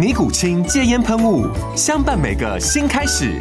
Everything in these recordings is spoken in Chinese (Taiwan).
尼古清戒菸噴霧，相伴每個新開始。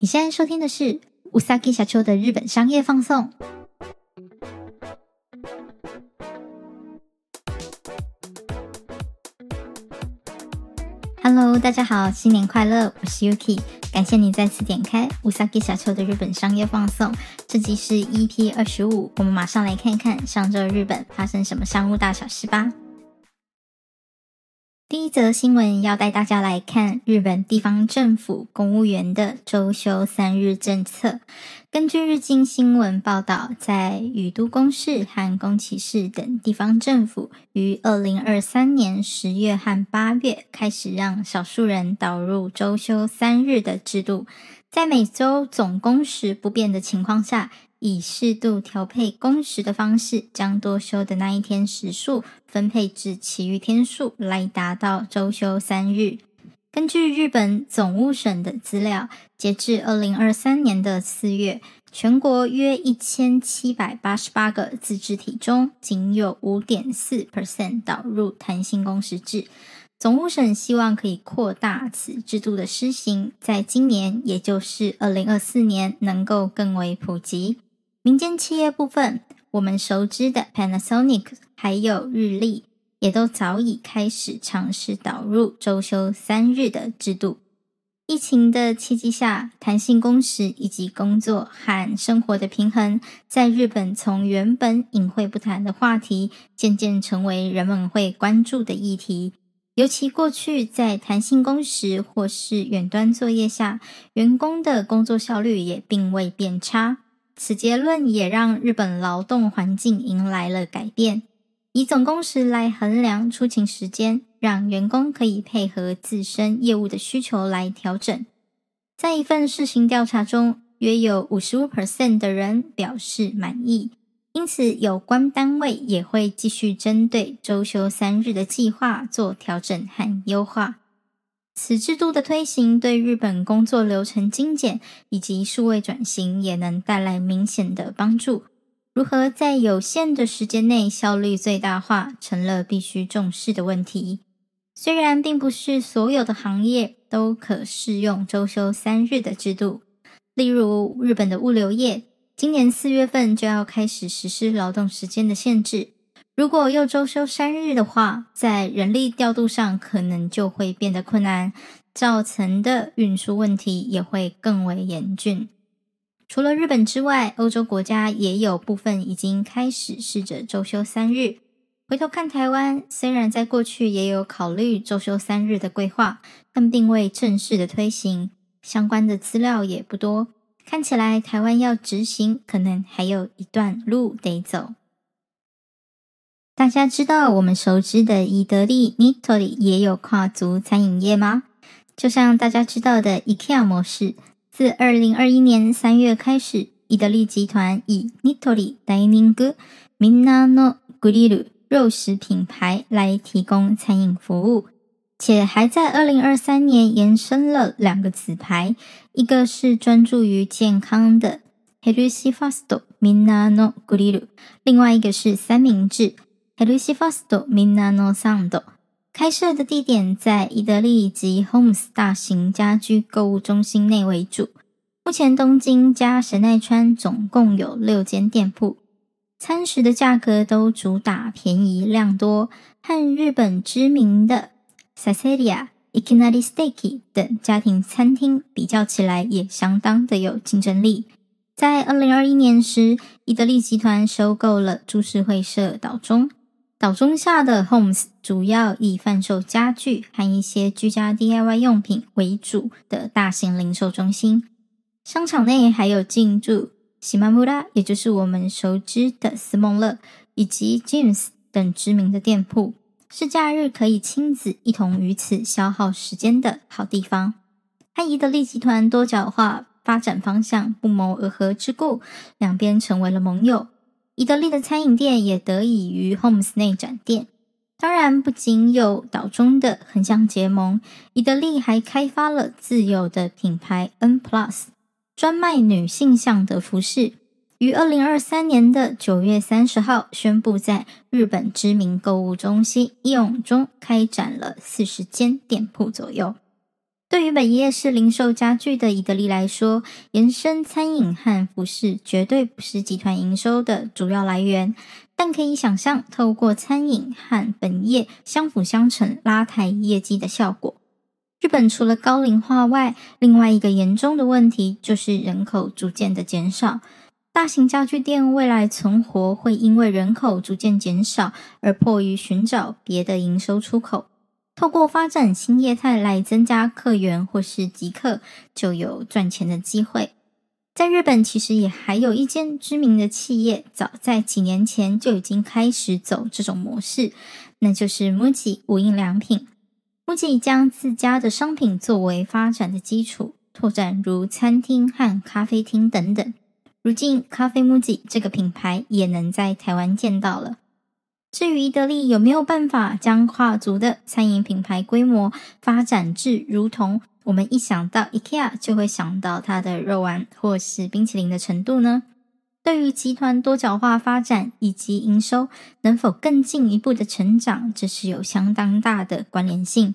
你現在收聽的是《うさぎ社長》的日本商業放送。Hello，大家好，新年快樂！我是 Yuki，感謝你再次點開《うさぎ社長》的日本商業放送，這集是 EP 二十五。我們馬上來看看上週日本發生什麼商務大小事吧。第一則新聞要帶大家來看日本地方政府公務員的周休三日政策。根據日經新聞報道，在宇都宮市和宮崎市等地方政府於二零二三年十月和八月開始讓少數人導入周休三日的制度，在每周總工時不變的情況下。以適度調配工時的方式，將多休的那一天時數分配至其餘天數，來達到周休三日。根據日本總務省的資料，截至二零二三年的四月，全國約一千七百八十八個自治體中，僅有五點四 percent 導入彈性工時制。總務省希望可以擴大此制度的施行，在今年，也就是二零二四年，能夠更為普及。民間企業部分，我們熟知的 Panasonic 還有日立，也都早已開始嘗試導入周休三日的制度。疫情的契機下，彈性工時以及工作和生活的平衡，在日本從原本隱晦不談的話題，漸漸成為人們會關注的議題。尤其過去在彈性工時或是遠端作業下，員工的工作效率也並未變差。此結論也讓日本勞動環境迎來了改變，以總工時來衡量出勤時間，讓員工可以配合自身業務的需求來調整。在一份試行調查中，約有55%的人表示滿意，因此有關單位也會繼續針對週休三日的計劃做調整和優化。此制度的推行，對日本工作流程精簡以及數位轉型也能帶來明顯的幫助。如何在有限的時間內效率最大化，成了必須重視的問題。雖然並不是所有的行業都可適用周休三日的制度，例如日本的物流業，今年四月份就要開始實施勞動時間的限制。如果又週休三日的話，在人力調度上可能就會變得困難，造成的運輸問題也會更為嚴峻。除了日本之外，歐洲國家也有部分已經開始試着周休三日。回頭看台灣，雖然在過去也有考慮週休三日的規劃，但並未正式的推行，相關的資料也不多。看起來台灣要執行，可能還有一段路得走。大家知道我們熟知的宜得利 （NITORI） 也有跨足餐飲業嗎？就像大家知道的 IKEA 模式，自2021年3月開始，宜得利集團以 NITORI Dining、みんなのグリル肉食品牌來提供餐飲服務，且還在2023年延伸了兩個子牌，一個是專注於健康的ヘルシファストみんなのグリル，另外一個是三明治。Herushi Fasto Minna no Sando 開設的地點在宜得利及 Homes 大型家居購物中心內為主。目前東京加神奈川總共有六間店鋪。餐食的價格都主打便宜量多，和日本知名的 Saizeriya Ikinari Steak 等家庭餐廳比較起來也相當的有競爭力。在二零二一年時，宜得利集團收購了株式會社島忠。島中下的 Homes 主要以販售家具和一些居家 DIY 用品為主的大型零售中心，商場內還有進駐喜馬布拉，也就是我們熟知的思夢樂以及 James 等知名的店鋪，是假日可以親子一同於此消耗時間的好地方。和宜得利集團多角化發展方向不謀而合之故，兩邊成為了盟友。以得利的餐飲店也得以於 Home's 內展店。當然，不僅有島中的橫向結盟，以得利還開發了自有的品牌 N Plus，專賣女性向的服飾。於二零二三年的九月三十號宣布，在日本知名購物中心伊勇中開展了四十間店鋪左右。對於本業是零售家具的宜得利來說，延伸餐飲和服飾絕對不是集團營收的主要來源。但可以想象，透過餐飲和本業相輔相成，拉抬業績的效果。日本除了高齡化外，另外一個嚴重的問題就是人口逐漸的減少。大型家具店未來存活會因為人口逐漸減少而迫於尋找別的營收出口。透過發展新業態來增加客源或是集客，就有賺錢的機會。在日本，其實也還有一間知名的企業，早在幾年前就已經開始走這種模式，那就是 MUJI 無印良品。MUJI 將自家的商品作為發展的基礎，拓展如餐廳和咖啡廳等等。如今，咖啡 MUJI 這個品牌也能在台灣見到了。至於宜得利有沒有辦法將跨足的餐飲品牌規模發展至如同我們一想到 IKEA 就會想到它的肉丸或是冰淇淋的程度呢？對於集團多角化發展以及營收能否更進一步的成長，這是有相當大的關聯性。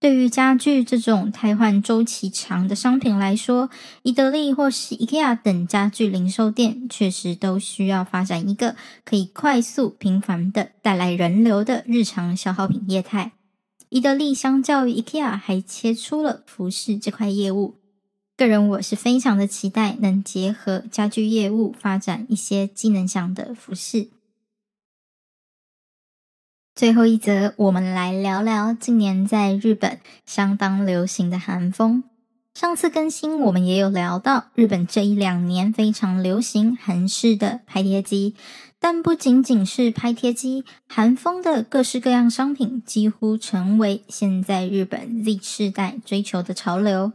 對於家具這種汰換週期長的商品來說，宜得利或是 IKEA 等家具零售店確實都需要發展一個可以快速、頻繁的帶來人流的日常消耗品業態。宜得利相較於 IKEA 還切出了服飾這塊業務，個人我是非常的期待能結合家具業務發展一些機能性的服飾。最後一則，我們來聊聊近年在日本相當流行的韓風。上次更新我們也有聊到，日本這一兩年非常流行韓式的拍貼機，但不僅僅是拍貼機，韓風的各式各樣商品幾乎成為現在日本 Z 世代追求的潮流。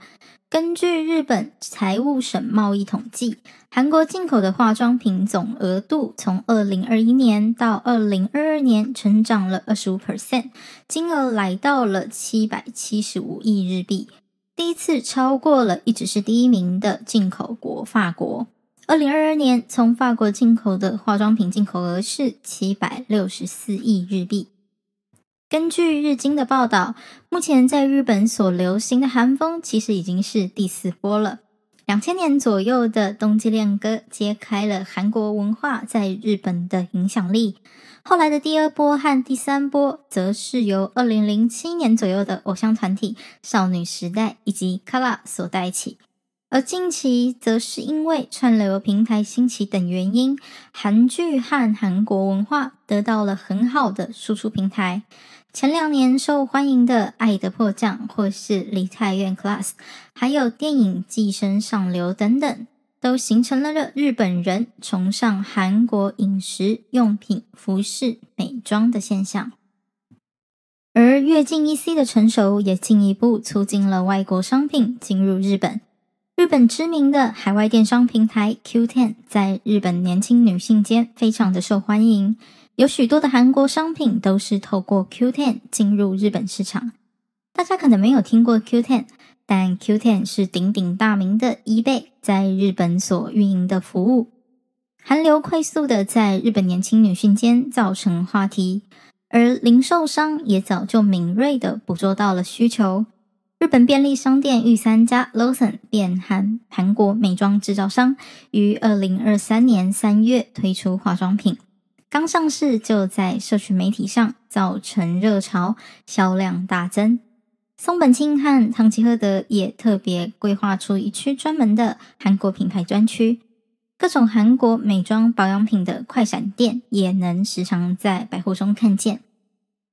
根據日本財務省貿易統計，韓國進口的化妝品總額度從二零二一年到二零二二年成長了二十五 percent，金額來到了七百七十五億日幣，第一次超過了一直是第一名的進口國法國。二零二二年，從法國進口的化妝品進口額是七百六十四億日幣。根據日經的報道，目前在日本所流行的韓風其實已經是第四波了。兩千年左右的冬季戀歌揭開了韓國文化在日本的影響力，後來的第二波和第三波，則是由二零零七年左右的偶像團體少女時代以及 Kara 所帶起。而近期則是因為串流平台興起等原因，韓劇和韓國文化得到了很好的輸出平台。前兩年受歡迎的《愛的迫降》或是《梨泰院 Class》，還有電影《寄生上流》等等，都形成了日本人崇尚韓國飲食、用品、服飾、美妝的現象。而越近 e C 的成熟，也進一步促進了外國商品進入日本。日本知名的海外電商平台 Q10 在日本年輕女性間非常的受歡迎，有許多的韓國商品都是透過 Q10 進入日本市場。大家可能沒有聽過 Q10，但 Q10 是鼎鼎大名的 eBay 在日本所運營的服務。韓流快速的在日本年輕女性間造成話題，而零售商也早就敏銳的捕捉到了需求。日本便利商店御三家 LAWSON 便和韓國美妝製造商於二零二三年三月推出化妝品，剛上市就在社群媒體上造成熱潮，銷量大增。松本清和唐吉訶德也特別規劃出一區專門的韓國品牌專區，各種韓國美妝保養品的快閃店也能時常在百貨中看見。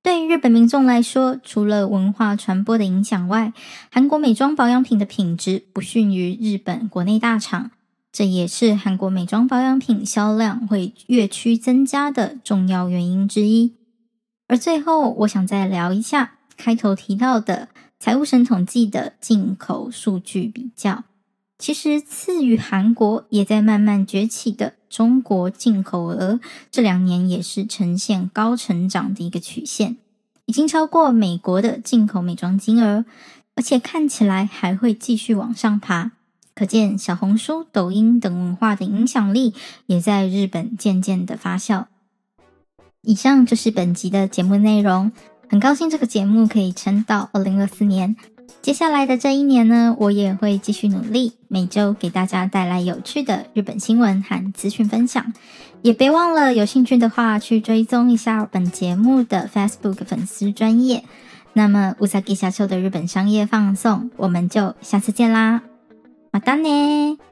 對於日本民眾來說，除了文化傳播的影響外，韓國美妝保養品的品質不遜於日本國內大廠，這也是韓國美妝保養品銷量會越趨增加的重要原因之一。而最後，我想再聊一下開頭提到的財務省統計的進口數據比較，其實次於韓國也在慢慢崛起的。中國進口額這兩年也是呈現高成長的一個曲線，已經超過美國的進口美妝金額，而且看起來還會繼續往上爬。可見小紅書、抖音等文化的影響力也在日本漸漸的發酵。以上就是本集的節目內容，很高興這個節目可以撐到二零二四年。接下來的這一年呢，我也會繼續努力，每周給大家帶來有趣的日本新聞和資訊分享。也別忘了，有興趣的話去追蹤一下本節目的 Facebook 粉絲專頁。那麼，うさぎ社長的日本商業放送，我們就下次見啦，またね。